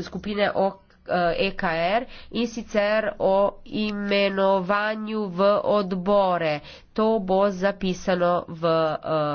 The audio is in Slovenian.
skupine EKR eh, e in sicer o imenovanju v odbore. To bo zapisano v. Eh,